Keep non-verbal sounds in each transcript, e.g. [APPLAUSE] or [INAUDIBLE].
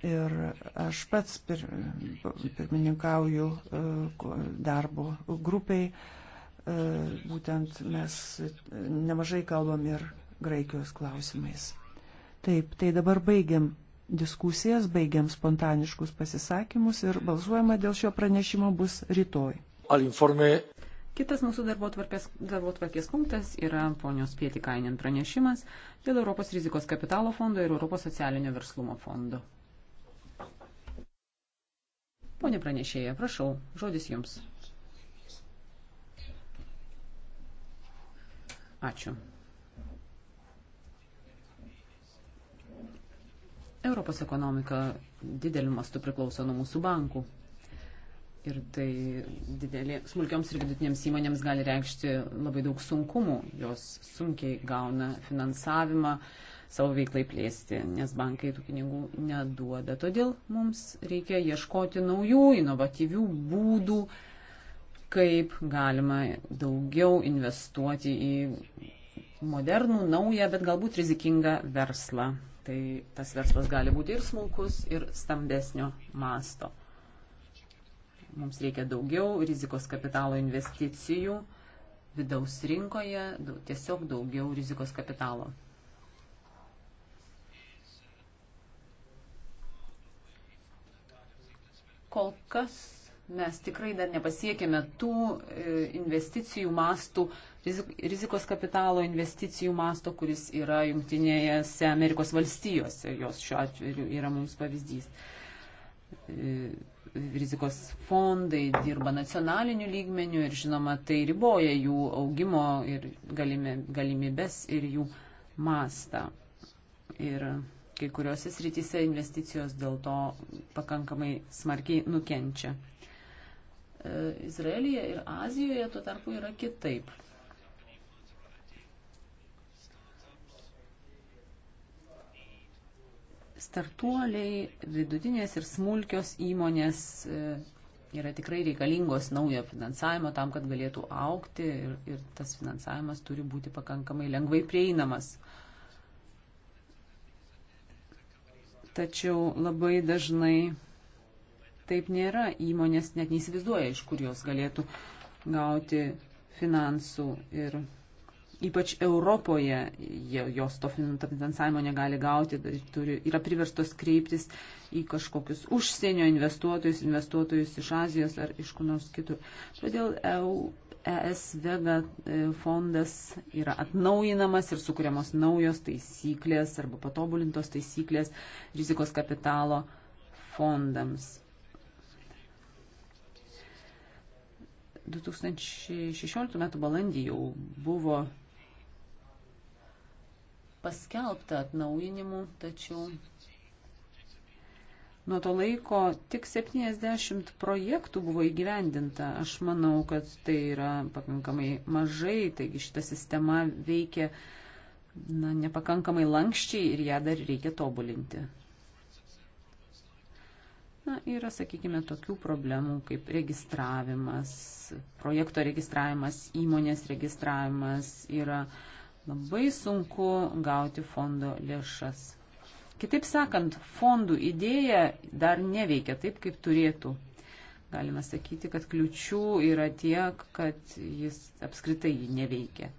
Ir aš pats pir, pirmininkauju e, darbo grupiai. E, būtent mes nemažai kalbam ir Graikijos klausimais. Taip, tai dabar baigiam diskusijas, baigiam spontaniškus pasisakymus ir balsuojama dėl šio pranešimo bus rytoj. Kitas mūsų darbo tvarkės punktas yra ponios Pietikainin pranešimas dėl Europos rizikos kapitalo fondo ir Europos socialinio verslumo fondo. Pone pranešėja, prašau, žodis jums. Ačiū. Europos ekonomika dideliu mastu priklauso nuo mūsų bankų. Ir tai didelė, smulkioms ir vidutinėms įmonėms gali reikšti labai daug sunkumų. Jos sunkiai gauna finansavimą, uh, savo veiklai plėsti, nes bankai tų pinigų neduoda. Todėl mums reikia ieškoti naujų, inovatyvių būdų, kaip galima daugiau investuoti į modernų, naują, bet galbūt rizikingą verslą. Tai tas verslas gali būti ir smulkus, ir stambesnio masto. Mums reikia daugiau rizikos kapitalo investicijų vidaus rinkoje, tiesiog daugiau rizikos kapitalo. Kol kas mes tikrai dar nepasiekėme tų e, investicijų mastų, rizikos kapitalo investicijų masto, kuris yra Junktinėse Amerikos valstijose. Jos šiuo atveju yra mums pavyzdys. E, rizikos fondai dirba nacionaliniu lygmeniu ir žinoma, tai riboja jų augimo ir galimybės ir jų mastą. Ir Kai kuriuose srityse investicijos dėl to pakankamai smarkiai nukenčia. E, Izraelyje ir Azijoje tuo tarpu yra kitaip. Startuoliai, vidutinės ir smulkios įmonės e, yra tikrai reikalingos naujo finansavimo tam, kad galėtų aukti ir, ir tas finansavimas turi būti pakankamai lengvai prieinamas. Tačiau labai dažnai taip nėra. Įmonės net neįsivaizduoja, iš kur jos galėtų gauti finansų. Ir ypač Europoje jos to finansavimo negali gauti, tai turi, yra priverstos kreiptis į kažkokius užsienio investuotojus, investuotojus iš Azijos ar iš kur nors kitur. Todėl EU ES Vega e, fondas yra atnaujinamas ir sukūriamos naujos taisyklės arba patobulintos taisyklės rizikos kapitalo fondams. 2016 m. balandį jau buvo paskelbta atnaujinimu, tačiau Nuo to laiko tik 70 projektų buvo įgyvendinta. Aš manau, kad tai yra pakankamai mažai, taigi šita sistema veikia na, nepakankamai lankščiai ir ją dar reikia tobulinti. Na, yra, sakykime, tokių problemų kaip registravimas, projekto registravimas, įmonės registravimas, yra labai sunku gauti fondo lėšas. Kitaip sakant, fondų idėja dar neveikia taip, kaip turėtų. Galima sakyti, kad kliučių yra tiek, kad jis apskritai neveikia.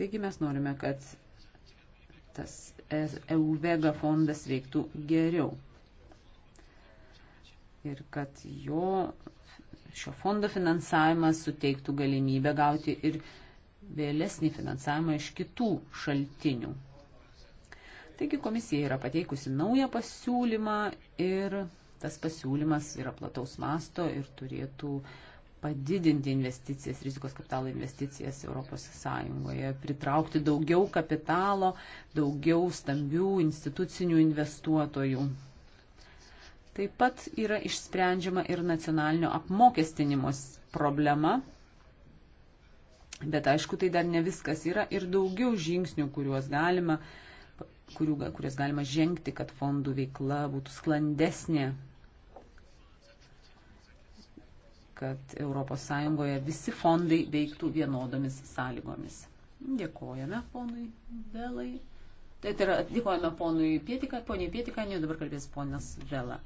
Taigi mes norime, kad tas EUVEGA fondas veiktų geriau. Ir kad jo, šio fondo finansavimas suteiktų galimybę gauti ir vėlesnį finansavimą iš kitų šaltinių. Taigi komisija yra pateikusi naują pasiūlymą ir tas pasiūlymas yra plataus masto ir turėtų padidinti investicijas, rizikos kapitalo investicijas ES, pritraukti daugiau kapitalo, daugiau stambių institucinių investuotojų. Taip pat yra išsprendžiama ir nacionalinio apmokestinimo problema, bet aišku, tai dar ne viskas yra ir daugiau žingsnių, kuriuos galima uh, kurių, kurias galima žengti, kad fondų veikla būtų sklandesnė, kad ES visi fondai veiktų vienodomis sąlygomis. Dėkojame ponui Velai. Tai, tai yra, dėkojame ponui Pietika, poniai Pietikanė, dabar kalbės ponas Vela.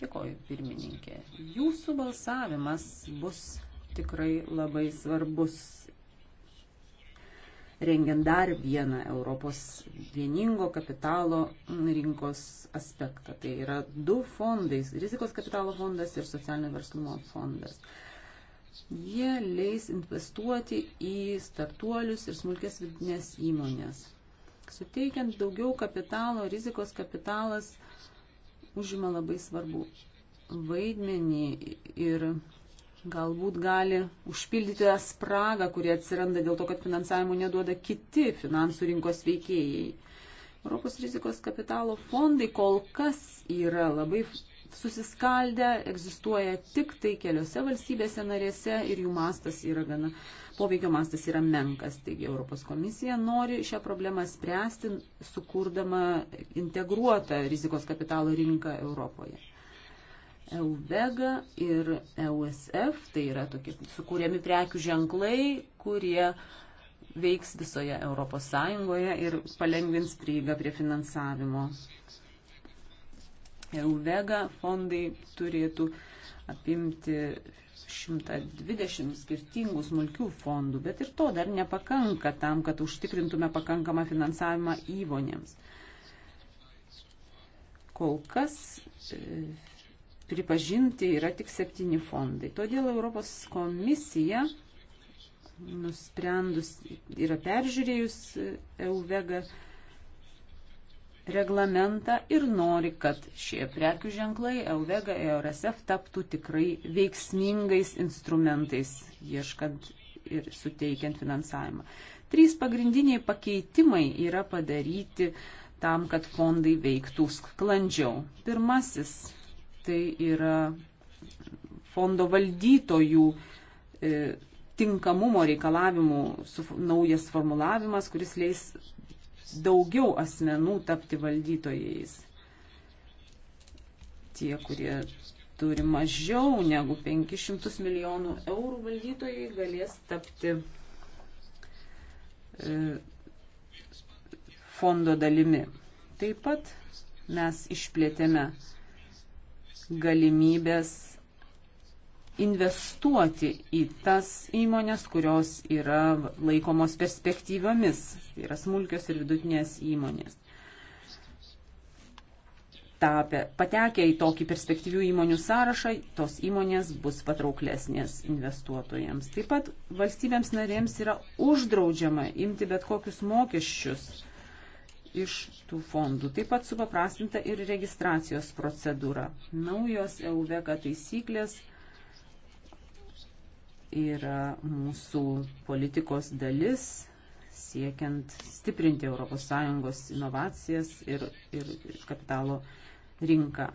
Dėkoju, pirmininkė. Jūsų balsavimas bus tikrai labai svarbus rengiant dar vieną Europos vieningo kapitalo rinkos aspektą. Tai yra du fondai - rizikos kapitalo fondas ir socialinio verslumo fondas. Jie leis investuoti į startuolius ir smulkės vidinės įmonės. Suteikiant daugiau kapitalo, rizikos kapitalas užima labai svarbu vaidmenį ir galbūt gali užpildyti tą spragą, kuri atsiranda dėl to, kad finansavimo neduoda kiti finansų rinkos veikėjai. Europos rizikos kapitalo fondai kol kas yra labai susiskaldę, egzistuoja tik tai keliose valstybėse narėse ir jų mastas yra gana, poveikio mastas yra menkas. Taigi Europos komisija nori šią problemą spręsti, sukūrdama integruotą rizikos kapitalo rinką Europoje. EUBEGA ir EUSF, tai yra tokie sukūrėmi prekių ženklai, kurie veiks visoje Europos Sąjungoje ir palengvins prieigą prie finansavimo. EUVEGA fondai turėtų apimti 120 skirtingų smulkių fondų, bet ir to dar nepakanka tam, kad užtikrintume pakankamą finansavimą įmonėms. Kol kas e, pripažinti yra tik septyni fondai. Todėl Europos komisija nusprendus yra peržiūrėjus EUVEGA reglamentą ir nori, kad šie prekių ženklai EUVEGA, EURSF taptų tikrai veiksmingais instrumentais, ieškant ir suteikiant finansavimą. Trys pagrindiniai pakeitimai yra padaryti tam, kad fondai veiktų sklandžiau. Pirmasis tai yra fondo valdytojų e, tinkamumo reikalavimų naujas formulavimas, kuris leis daugiau asmenų tapti valdytojais. Tie, kurie turi mažiau negu 500 milijonų eurų valdytojai, galės tapti e, fondo dalimi. Taip pat mes išplėtėme galimybės investuoti į tas įmonės, kurios yra laikomos perspektyviomis, tai yra smulkios ir vidutinės įmonės. Tapę, patekę į tokį perspektyvių įmonių sąrašą, tos įmonės bus patrauklesnės investuotojams. Taip pat valstybėms narėms yra uždraudžiama imti bet kokius mokesčius iš tų fondų. Taip pat supaprastinta ir registracijos procedūra. Naujos EUVEKA taisyklės yra mūsų politikos dalis siekiant stiprinti ES inovacijas ir, ir kapitalo rinką.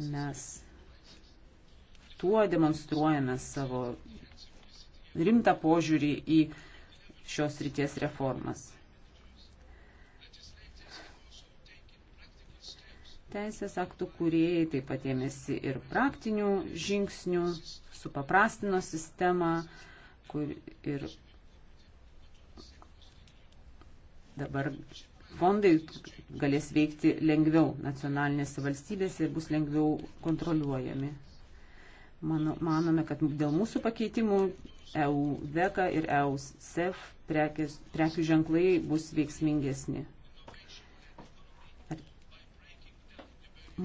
Mes tuo demonstruojame savo rimtą požiūrį į šios ryties reformas. Teisės aktų kūrėjai taip pat ėmėsi ir praktinių žingsnių, supaprastino sistemą kur ir dabar fondai galės veikti lengviau nacionalinėse valstybėse ir bus lengviau kontroliuojami. Mano, manome, kad dėl mūsų pakeitimų EUVECA ir EUSEF prekių ženklai bus veiksmingesni.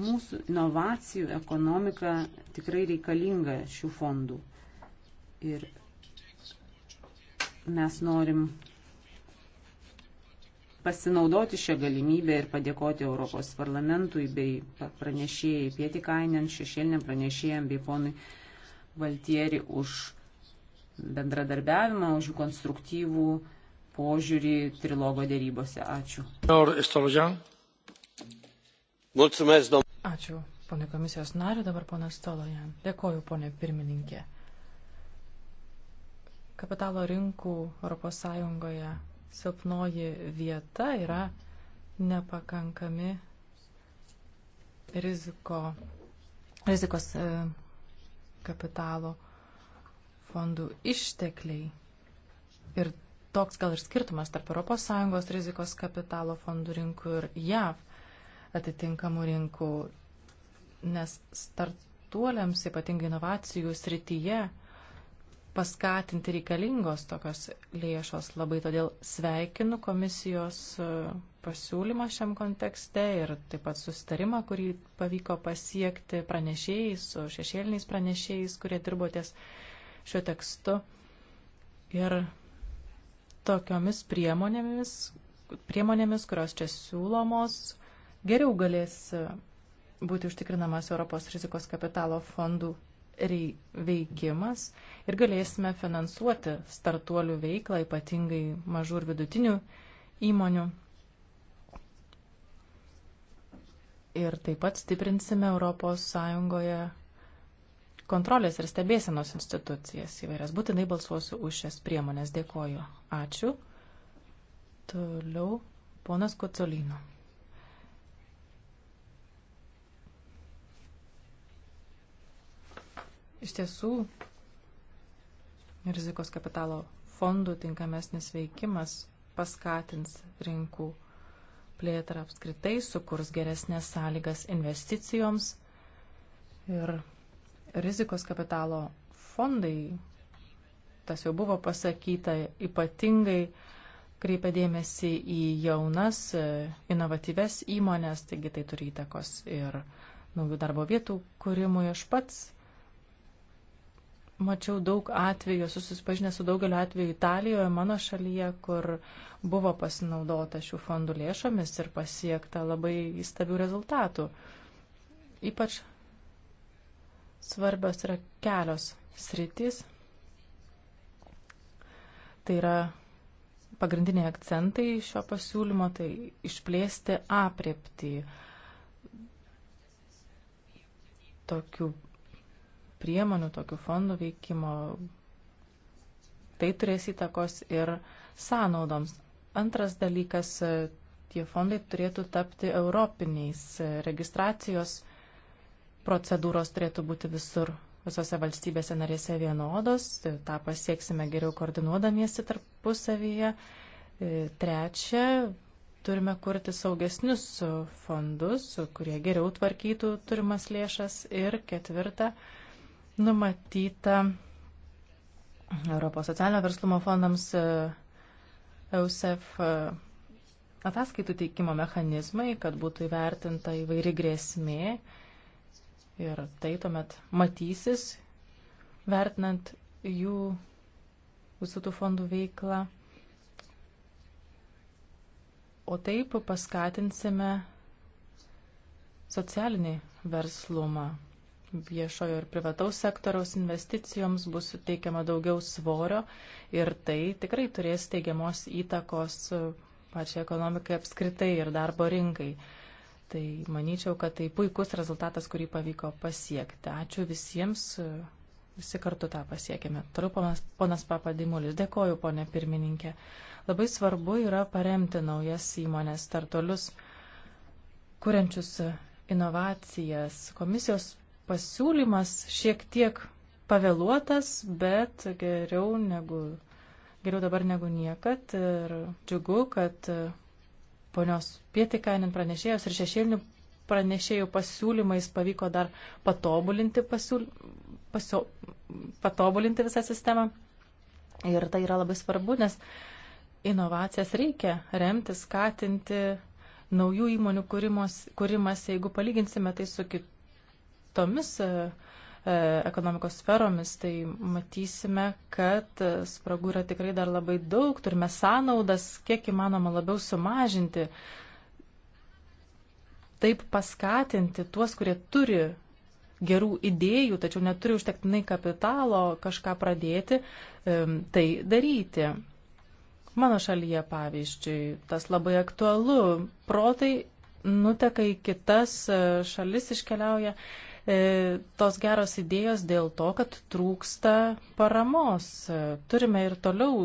Mūsų inovacijų ekonomika tikrai reikalinga šių fondų. Ir mes norim pasinaudoti šią galimybę ir padėkoti Europos parlamentui bei pranešėjai Pietikainen, šešėliniam pranešėjam bei ponui Valtieri už bendradarbiavimą, už jų konstruktyvų požiūrį trilogo dėrybose. Ačiū. Ačiū, ponė komisijos nariu, dabar ponas Stolojan. Dėkoju, ponė pirmininkė. Kapitalo rinkų ES silpnoji vieta yra nepakankami riziko, rizikos e, kapitalo fondų ištekliai. Ir toks gal ir skirtumas tarp ES rizikos kapitalo fondų rinkų ir JAV atitinkamų rinkų, nes startuoliams, ypatingai inovacijų srityje, paskatinti reikalingos tokios lėšos. Labai todėl sveikinu komisijos e, pasiūlymą šiam kontekste ir taip pat sustarimą, kurį pavyko pasiekti pranešėjais, su šešėliniais pranešėjais, kurie dirbo ties šiuo tekstu ir tokiomis priemonėmis, priemonėmis kurios čia siūlomos, geriau galės būti užtikrinamas Europos rizikos kapitalo fondų veikimas ir galėsime finansuoti startuolių veiklą, ypatingai mažų ir vidutinių įmonių. Ir taip pat stiprinsime Europos Sąjungoje kontrolės ir stebėsenos institucijas įvairias. Būtinai balsuosiu už šias priemonės. Dėkoju. Ačiū. Toliau ponas Kocolino. Iš tiesų, rizikos kapitalo fondų tinkamesnis veikimas paskatins rinkų plėtrą apskritai, sukurs geresnės sąlygas investicijoms ir Rizikos kapitalo fondai, tas jau buvo pasakyta, ypatingai kreipia dėmesį į jaunas, e, inovatyves įmonės, taigi tai turi įtakos ir naujų darbo vietų kūrimui. Aš pats mačiau daug atvejų, susipažinę su daugeliu atvejų Italijoje, mano šalyje, kur buvo pasinaudota šių fondų lėšomis ir pasiekta labai įstabių rezultatų. Ypač svarbios yra kelios sritys. Tai yra pagrindiniai akcentai šio pasiūlymo, tai išplėsti apriepti tokių priemonių, tokių fondų veikimo. Tai turės įtakos ir sąnaudoms. Antras dalykas, tie fondai turėtų tapti europiniais registracijos fondais procedūros turėtų būti visur, visose valstybėse narėse vienodos, tą pasieksime geriau koordinuodamiesi tarpusavyje. E, trečia, turime kurti saugesnius fondus, kurie geriau tvarkytų turimas lėšas. Ir ketvirta, numatyta Europos socialinio verslumo fondams e, EUSEF e, ataskaitų teikimo mechanizmai, kad būtų įvertinta įvairi grėsmė Ir tai tuomet matysis, vertinant jų visų tų fondų veiklą. O taip paskatinsime socialinį verslumą. Viešojo ir privataus sektoriaus investicijoms bus suteikiama daugiau svorio ir tai tikrai turės teigiamos įtakos pačiai ekonomikai apskritai ir darbo rinkai. Tai manyčiau, kad tai puikus rezultatas, kurį pavyko pasiekti. Ačiū visiems, visi kartu tą pasiekėme. Toliau ponas, ponas Papadimulis, dėkoju, ponė pirmininkė. Labai svarbu yra paremti naujas įmonės startolius, kuriančius inovacijas. Komisijos pasiūlymas šiek tiek pavėluotas, bet geriau, negu, geriau dabar negu niekad. Ir džiugu, kad ponios Pietikainin pranešėjos ir šešėlinių pranešėjų pasiūlymais pavyko dar patobulinti, pasiūl... pasio... patobulinti visą sistemą. Ir tai yra labai svarbu, nes inovacijas reikia remti, skatinti naujų įmonių kūrimos, kūrimas, jeigu palyginsime tai su kitomis uh, E, ekonomikos sferomis, tai matysime, kad spragų yra tikrai dar labai daug, turime sąnaudas, kiek įmanoma labiau sumažinti, taip paskatinti tuos, kurie turi gerų idėjų, tačiau neturi užtektinai kapitalo kažką pradėti, e, tai daryti. Mano šalyje, pavyzdžiui, tas labai aktualu. Protai nuteka į kitas e, šalis, iškeliauja E, tos geros idėjos dėl to, kad trūksta paramos. E, turime ir toliau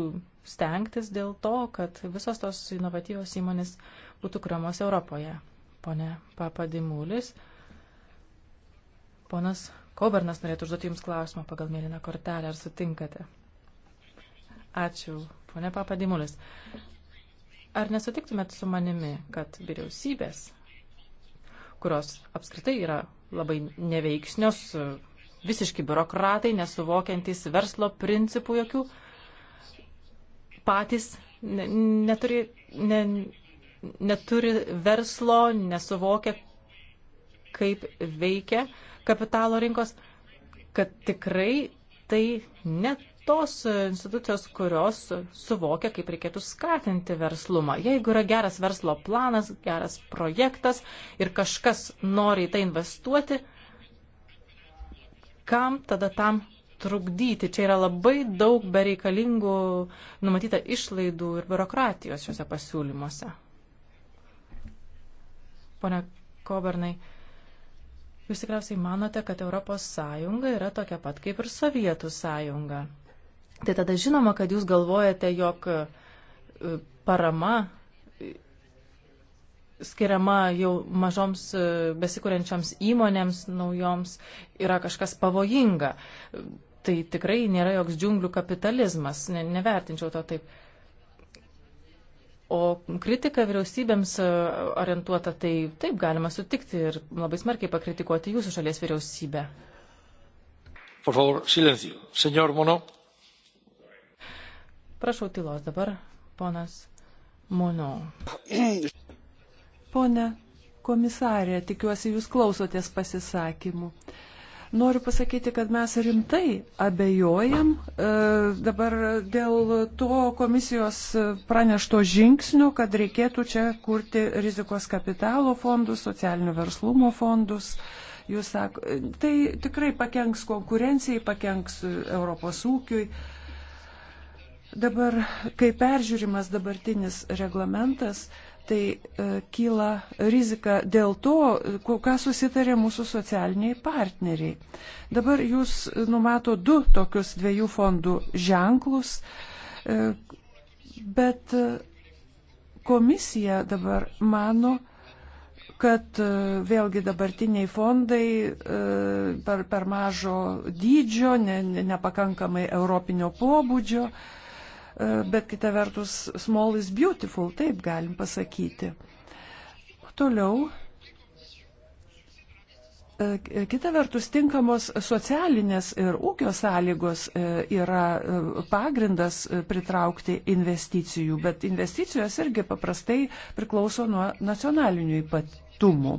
stengtis dėl to, kad visos tos inovatyvios įmonės būtų kuriamos Europoje. Pone Papadimulis, ponas Kobernas norėtų užduoti Jums klausimą pagal mėlyną kortelę, ar sutinkate? Ačiū, ponė Papadimulis. Ar nesutiktumėt su manimi, kad vyriausybės, kurios apskritai yra labai neveiksnios, visiški biurokratai, nesuvokiantys verslo principų jokių, patys neturi, ne, neturi verslo, nesuvokia, kaip veikia kapitalo rinkos, kad tikrai tai net tos institucijos, kurios suvokia, kaip reikėtų skatinti verslumą. Jeigu yra geras verslo planas, geras projektas ir kažkas nori į tai investuoti, kam tada tam trukdyti? Čia yra labai daug bereikalingų numatyta išlaidų ir biurokratijos šiuose pasiūlymuose. Pone Kobernai, jūs tikriausiai manote, kad ES yra tokia pat kaip ir Sovietų sąjunga tai tada žinoma, kad jūs galvojate, jog e, parama e, skiriama jau mažoms e, besikūrenčioms įmonėms naujoms yra kažkas pavojinga. Tai tikrai nėra joks džiunglių kapitalizmas, ne, nevertinčiau to taip. O kritika vyriausybėms orientuota, tai taip galima sutikti ir labai smarkiai pakritikuoti jūsų šalies vyriausybę. Por favor, silencio. Señor Mono. Prašau tylos dabar, ponas Mono. [CLEARS THROAT] Pone komisarė, tikiuosi jūs klausotės pasisakymų. Noriu pasakyti, kad mes rimtai abejojam e, dabar dėl to komisijos pranešto žingsnio, kad reikėtų čia kurti rizikos kapitalo fondus, socialinio verslumo fondus. Jūs sak, tai tikrai pakenks konkurencijai, pakenks Europos ūkiui. E, Dabar, kai peržiūrimas dabartinis reglamentas, tai e, kyla rizika dėl to, ką susitarė mūsų socialiniai partneriai. Dabar jūs e, numato du tokius dviejų fondų ženklus, e, bet e, komisija dabar mano, kad e, vėlgi dabartiniai fondai per, per mažo dydžio, ne, nepakankamai europinio pobūdžio, e, E, bet kita vertus small is beautiful, taip galim pasakyti. Toliau. E, e, kita vertus, tinkamos socialinės ir ūkio sąlygos yra pagrindas pritraukti investicijų, bet investicijos irgi paprastai priklauso nuo nacionalinių ypatumų.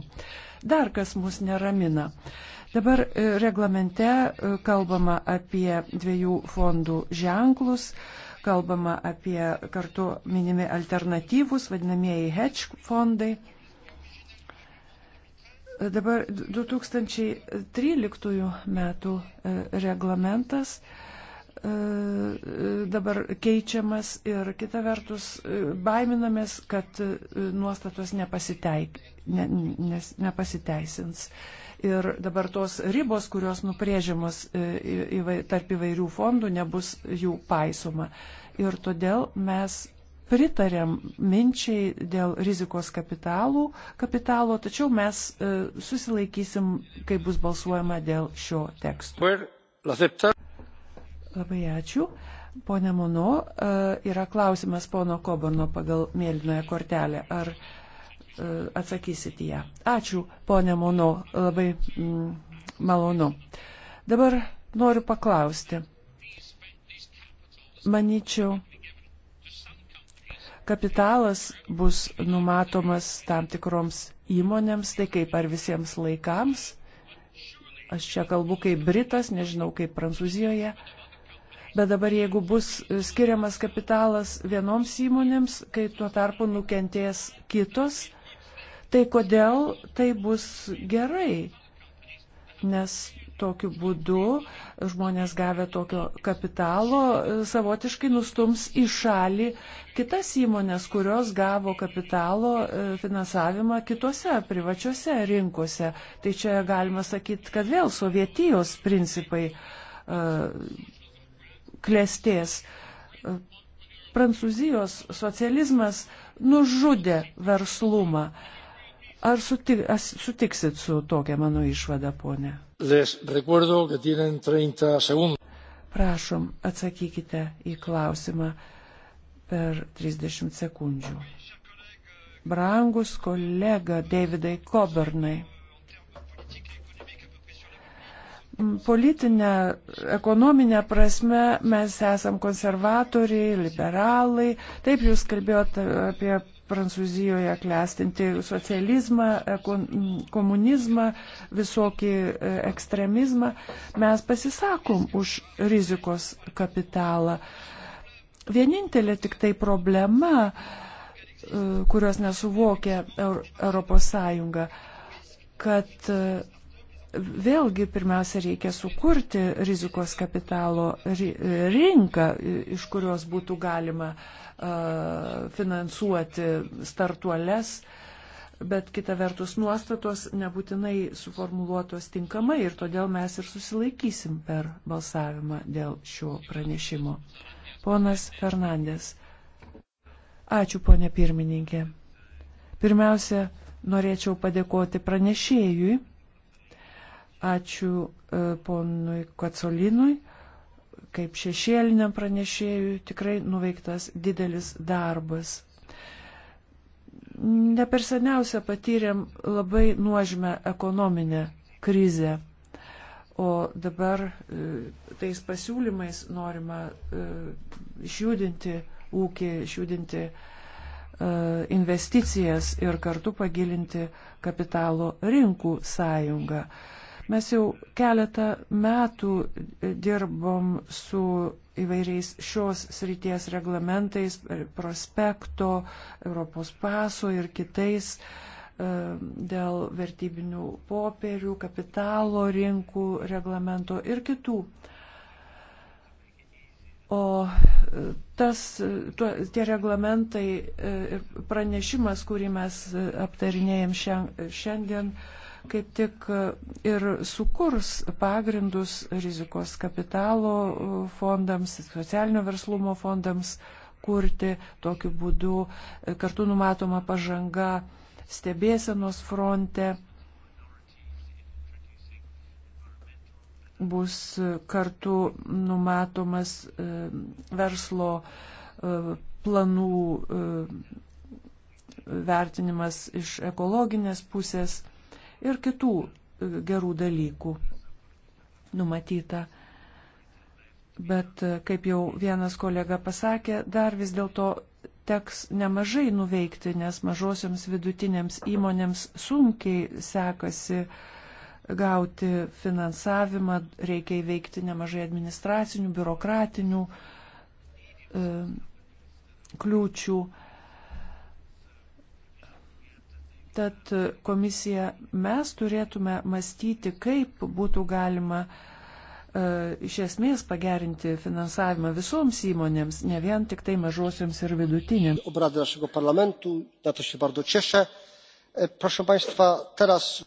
Dar kas mus neramina. Dabar reglamente kalbama apie dviejų fondų ženklus kalbama apie kartu minimi alternatyvus, vadinamieji hedge fondai. Dabar 2013 metų e, reglamentas e, dabar keičiamas ir kita vertus e, baiminamės, kad nuostatos nepasiteik, ne, nes, nepasiteisins ir dabar tos ribos, kurios nuprėžiamos e, tarp įvairių fondų, nebus jų paisoma. Ir todėl mes pritarėm minčiai dėl rizikos kapitalų, kapitalo, tačiau mes e, susilaikysim, kai bus balsuojama dėl šio teksto. Labai ačiū. Pone Mono, e, yra klausimas pono Koborno pagal mėlynoje kortelę. Ar E, atsakysit ją. Ačiū, ponė Mono, labai mm, malonu. Dabar noriu paklausti. Maničiau, kapitalas bus numatomas tam tikroms įmonėms, tai kaip ar visiems laikams. Aš čia kalbu kaip Britas, nežinau kaip Prancūzijoje. Bet dabar jeigu bus skiriamas kapitalas vienoms įmonėms, kai tuo tarpu nukentės kitos, Tai kodėl tai bus gerai? Nes tokiu būdu žmonės gavę tokio kapitalo e, savotiškai nustums į šalį kitas įmonės, kurios gavo kapitalo e, finansavimą kitose privačiose rinkose. Tai čia galima sakyti, kad vėl sovietijos principai e, klėsties. Prancūzijos socializmas nužudė verslumą. Ar sutik, sutiksit su tokia mano išvada, ponė? Prašom, atsakykite į klausimą per 30 sekundžių. Brangus kolega Davidai Kobernai. Politinė, ekonominė prasme mes esam konservatoriai, liberalai. Taip jūs kalbėjot apie Prancūzijoje klestinti socializmą, komunizmą, visokį e, ekstremizmą. Mes pasisakom už rizikos kapitalą. Vienintelė tik tai problema, e, kurios nesuvokia ES, kad e, vėlgi pirmiausia reikia sukurti rizikos kapitalo rinką, iš kurios būtų galima finansuoti startuoles, bet kita vertus nuostatos nebūtinai suformuluotos tinkamai ir todėl mes ir susilaikysim per balsavimą dėl šio pranešimo. Ponas Fernandės. Ačiū, ponė pirmininkė. Pirmiausia, norėčiau padėkoti pranešėjui Ačiū e, ponui Kocolinui, kaip šešėliniam pranešėjui tikrai nuveiktas didelis darbas. Ne per seniausia patyrėm labai nuožmę ekonominę krizę, o dabar e, tais pasiūlymais norima e, išjudinti ūkį, išjudinti investicijas ir kartu pagilinti kapitalo rinkų sąjungą. Mes jau keletą metų dirbom su įvairiais šios srities reglamentais, prospekto, Europos paso ir kitais e, dėl vertybinių popierių, kapitalo rinkų reglamento ir kitų. O e, tas, e, tuo, tie reglamentai ir pranešimas, kurį mes aptarinėjom šiandien, šiandien kaip tik e, ir sukurs pagrindus rizikos kapitalo e, fondams, socialinio verslumo fondams kurti. Tokiu būdu e, kartu numatoma pažanga stebėsenos fronte. Bus kartu numatomas verslo planų vertinimas iš ekologinės pusės ir kitų e, gerų dalykų numatyta. Bet, e, kaip jau vienas kolega pasakė, dar vis dėlto teks nemažai nuveikti, nes mažosiams vidutinėms įmonėms sunkiai sekasi gauti finansavimą, reikia įveikti nemažai administracinių, biurokratinių e, kliūčių. E, Tad komisija mes turėtume mąstyti, kaip būtų galima e, iš esmės pagerinti finansavimą visoms įmonėms, ne vien tik tai mažosioms ir vidutinėms. Obrady naszego parlamentu, na to się bardzo cieszę. E, proszę Państwa, teraz.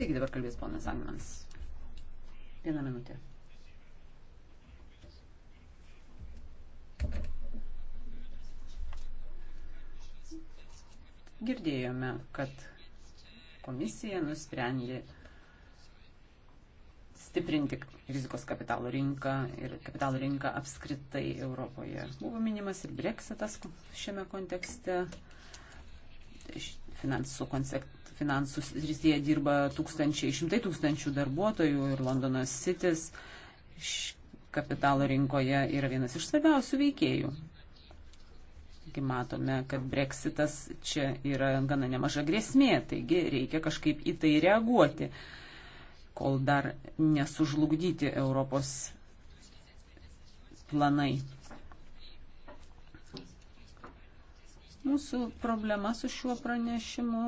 Taigi dabar kalbės ponas Angmanas. Vieną minutę. Girdėjome, kad komisija nusprendė stiprinti rizikos kapitalo rinką ir kapitalo rinką apskritai Europoje. Buvo minimas ir breksitas šiame kontekste, finansų koncept, finansų srityje dirba tūkstančiai, šimtai tūkstančių darbuotojų ir Londono Citys kapitalo rinkoje yra vienas iš svarbiausių veikėjų. Taigi matome, kad breksitas čia yra gana nemaža grėsmė, taigi reikia kažkaip į tai reaguoti, kol dar nesužlugdyti Europos planai. Mūsų problema su šiuo pranešimu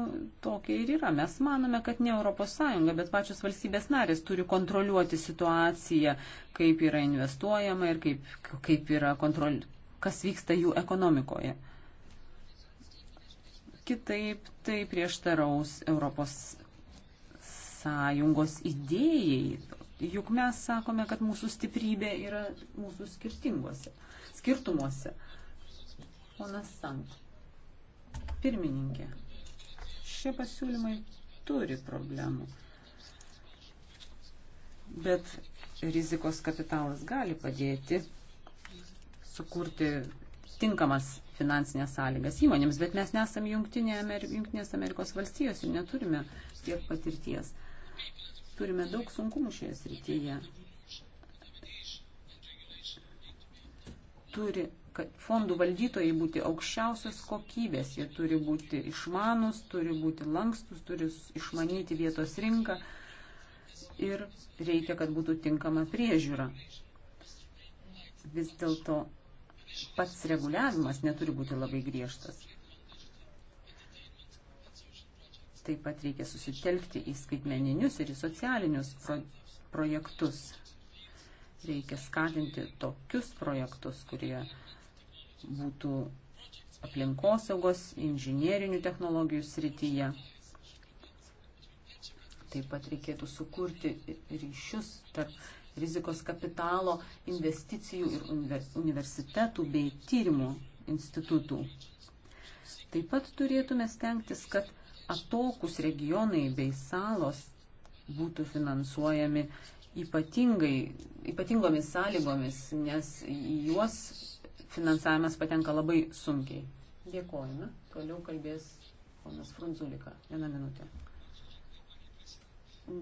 tokia ir yra. Mes manome, kad ne ES, bet pačios valstybės narės turi kontroliuoti situaciją, kaip yra investuojama ir kaip, kaip yra kontrol... kas vyksta jų ekonomikoje. Kitaip tai prieštaraus ES idėjai. Juk mes sakome, kad mūsų stiprybė yra mūsų skirtinguose, skirtumuose. Ponas Sankt pirmininkė, šie pasiūlymai turi problemų. Bet rizikos kapitalas gali padėti sukurti tinkamas finansinės sąlygas įmonėms, bet mes nesam Junktinė Amer Junktinės Amerikos valstijos ir neturime tiek patirties. Turime daug sunkumų šioje srityje. Turi kad fondų valdytojai būti aukščiausios kokybės, jie turi būti išmanus, turi būti lankstus, turi išmanyti vietos rinką ir reikia, kad būtų tinkama priežiūra. Vis dėlto pats reguliavimas neturi būti labai griežtas. Taip pat reikia susitelkti į skaitmeninius ir į socialinius pro projektus. Reikia skatinti tokius projektus, kurie būtų aplinkosaugos, inžinierinių technologijų srityje. Taip pat reikėtų sukurti ryšius tarp rizikos kapitalo, investicijų ir universitetų bei tyrimų institutų. Taip pat turėtume stengtis, kad atokus regionai bei salos būtų finansuojami ypatingai, ypatingomis sąlygomis, nes juos finansavimas patenka labai sunkiai. Dėkojame. Toliau kalbės ponas Frunzulika. Vieną minutę.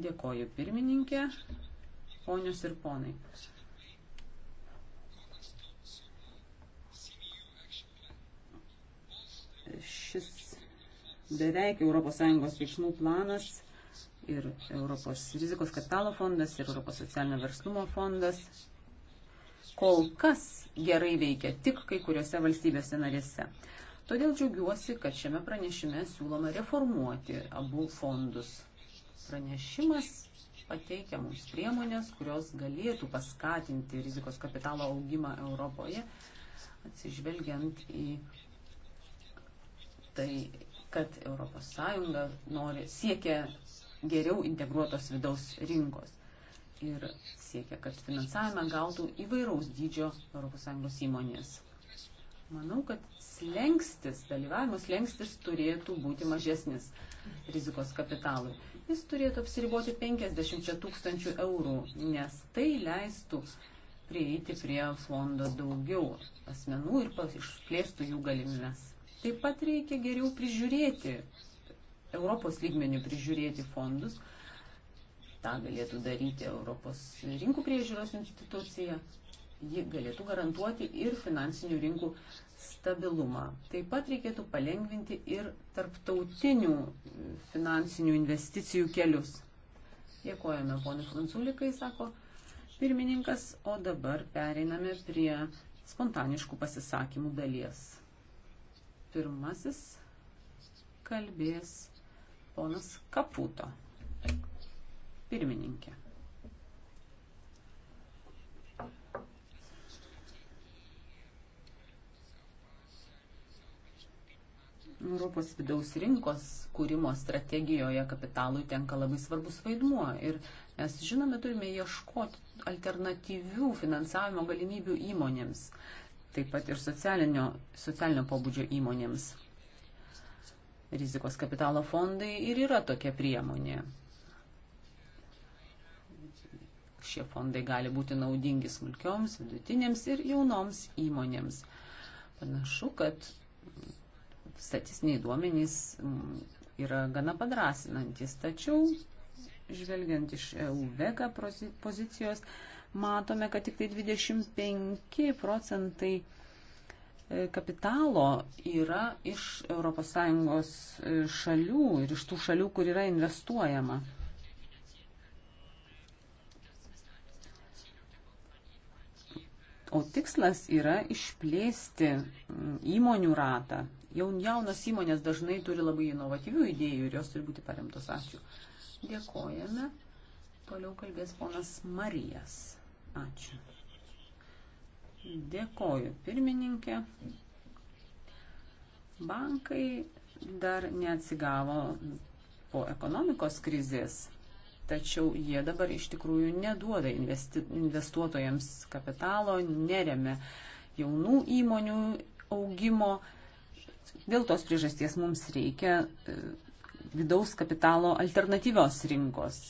Dėkoju pirmininkė, ponios ir ponai. Šis beveik ES veiksmų planas ir Europos rizikos kapitalo fondas ir Europos socialinio verslumo fondas kol kas gerai veikia tik kai kuriuose valstybėse narėse. Todėl džiaugiuosi, kad šiame pranešime siūloma reformuoti abu fondus. Pranešimas pateikia mums priemonės, kurios galėtų paskatinti rizikos kapitalo augimą Europoje, atsižvelgiant į tai, kad ES nori, siekia geriau integruotos vidaus rinkos ir siekia, kad finansavimą gautų įvairaus dydžio ES įmonės. Manau, kad slengstis, dalyvavimo slengstis turėtų būti mažesnis rizikos kapitalui. Jis turėtų apsiriboti 50 tūkstančių eurų, nes tai leistų prieiti prie fondo daugiau asmenų ir išplėstų jų galimybės. Taip pat reikia geriau prižiūrėti, Europos lygmenių prižiūrėti fondus, tą galėtų daryti Europos rinkų priežiūros institucija. Ji galėtų garantuoti ir finansinių rinkų stabilumą. Taip pat reikėtų palengvinti ir tarptautinių finansinių investicijų kelius. Dėkojame ponui Franculikai, sako pirmininkas, o dabar pereiname prie spontaniškų pasisakymų dalies. Pirmasis kalbės ponas Kaputo pirmininkė. Europos vidaus rinkos kūrimo strategijoje kapitalui tenka labai svarbus vaidmuo ir mes žinome turime ieškoti alternatyvių finansavimo galimybių įmonėms, taip pat ir socialinio, socialinio pobūdžio įmonėms. Rizikos kapitalo fondai ir yra tokia priemonė šie fondai gali būti naudingi smulkioms, vidutinėms ir jaunoms įmonėms. Panašu, kad statistiniai duomenys mm, yra gana padrasinantis, tačiau žvelgiant iš EUVEGA pozicijos, matome, kad tik tai 25 procentai e, kapitalo yra iš ES e, šalių ir iš tų šalių, kur yra investuojama. O tikslas yra išplėsti mm, įmonių ratą. Jaunos įmonės dažnai turi labai inovatyvių idėjų ir jos turi būti paremtos. Ačiū. Dėkojame. Toliau kalbės ponas Marijas. Ačiū. Dėkoju, pirmininkė. Bankai dar neatsigavo po ekonomikos krizės tačiau jie dabar iš tikrųjų neduoda investi, investuotojams kapitalo, neremia jaunų įmonių augimo. Dėl tos priežasties mums reikia e, vidaus kapitalo alternatyvios rinkos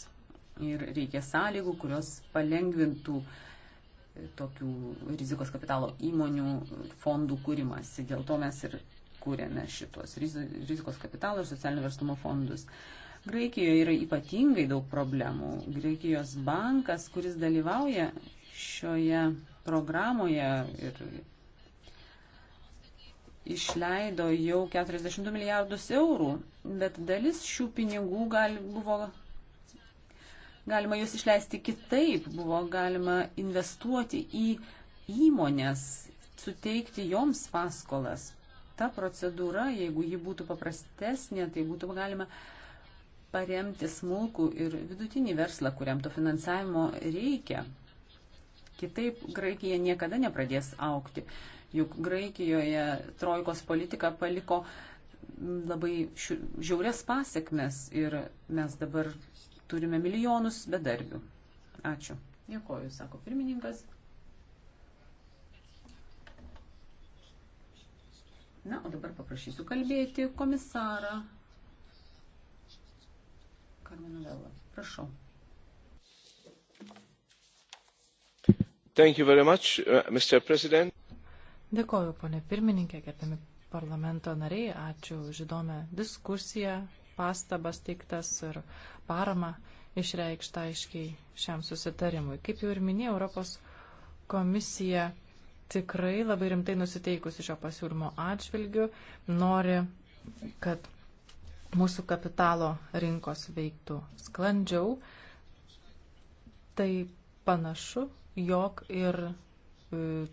ir reikia sąlygų, kurios palengvintų e, tokių rizikos kapitalo įmonių fondų kūrimasi. Dėl to mes ir kūrėme šitos rizikos kapitalo ir socialinio verslumo fondus. Graikijoje yra ypatingai daug problemų. Graikijos bankas, kuris dalyvauja šioje programoje ir išleido jau 42 milijardus eurų, bet dalis šių pinigų gal, buvo galima juos išleisti kitaip, buvo galima investuoti į įmonės, suteikti joms paskolas. Ta procedūra, jeigu ji būtų paprastesnė, tai būtų galima uh, paremti smulkų ir vidutinį verslą, kuriam to finansavimo reikia. Kitaip Graikija niekada nepradės aukti, juk Graikijoje trojkos politika paliko labai žiaurias pasiekmes ir mes dabar turime milijonus bedarbių. Ačiū. Dėkoju, sako pirmininkas. Na, o dabar paprašysiu kalbėti komisarą Karmenu Vela. Prašau. Much, uh, Dėkoju, ponė pirmininkė, gerbiami parlamento nariai, ačiū už įdomią diskusiją, pastabas teiktas ir paramą išreikštą aiškiai šiam susitarimui. Kaip jau ir minėjau, Europos komisija tikrai labai rimtai nusiteikusi šio pasiūlymo atžvilgiu, nori, kad mūsų kapitalo rinkos veiktų sklandžiau, tai panašu, jog ir e,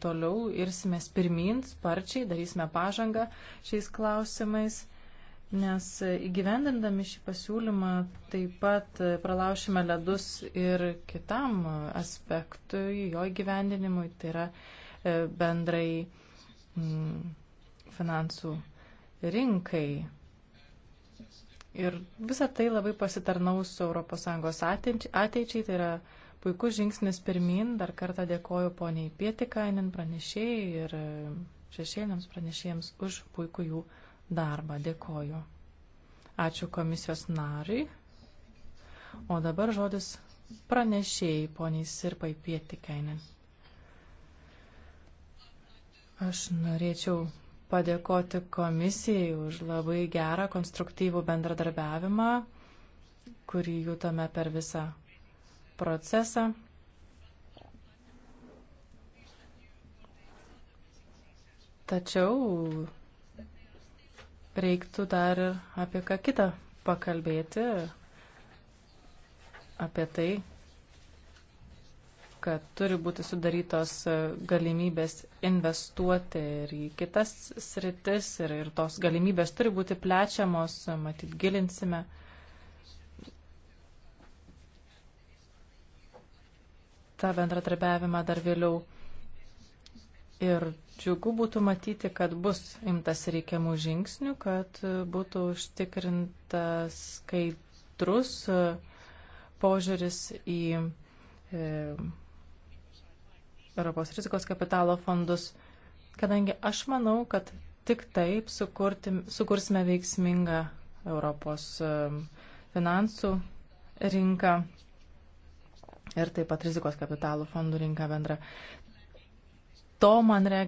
toliau irsimės pirmin, sparčiai darysime pažangą šiais klausimais, nes e, įgyvendindami šį pasiūlymą taip pat e, pralaušime ledus ir kitam aspektui, jo įgyvendinimui, tai yra bendrai finansų rinkai Ir visa tai labai pasitarnaus ES ateičiai, tai yra puikus žingsnis pirmin. Dar kartą dėkoju poniai Pietikainin pranešėjai ir šešėliams pranešėjams už puikų jų darbą. Dėkoju. Ačiū komisijos nariui. O dabar žodis pranešėjai poniai Sirpai Pietikainin. Aš norėčiau padėkoti komisijai už labai gerą, konstruktyvų bendradarbiavimą, kurį jūtame per visą procesą. Tačiau reiktų dar apie ką kitą pakalbėti, apie tai, kad turi būti sudarytos e, galimybės investuoti ir į kitas sritis ir, ir tos galimybės turi būti plečiamos, e, matyt, gilinsime. tą bendratarbiavimą dar vėliau. Ir džiugu būtų matyti, kad bus imtas reikiamų žingsnių, kad e, būtų užtikrintas skaidrus požiūris į e, Europos rizikos kapitalo fondus, kadangi aš manau, kad tik taip sukurti, sukursime veiksmingą Europos um, finansų rinką ir taip pat rizikos kapitalų fondų rinką bendrą. To man reikia.